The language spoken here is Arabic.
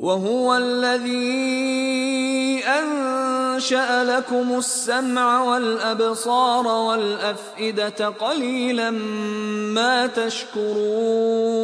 وهو الذي أنشأ لكم السمع والأبصار والأفئدة قليلا ما تشكرون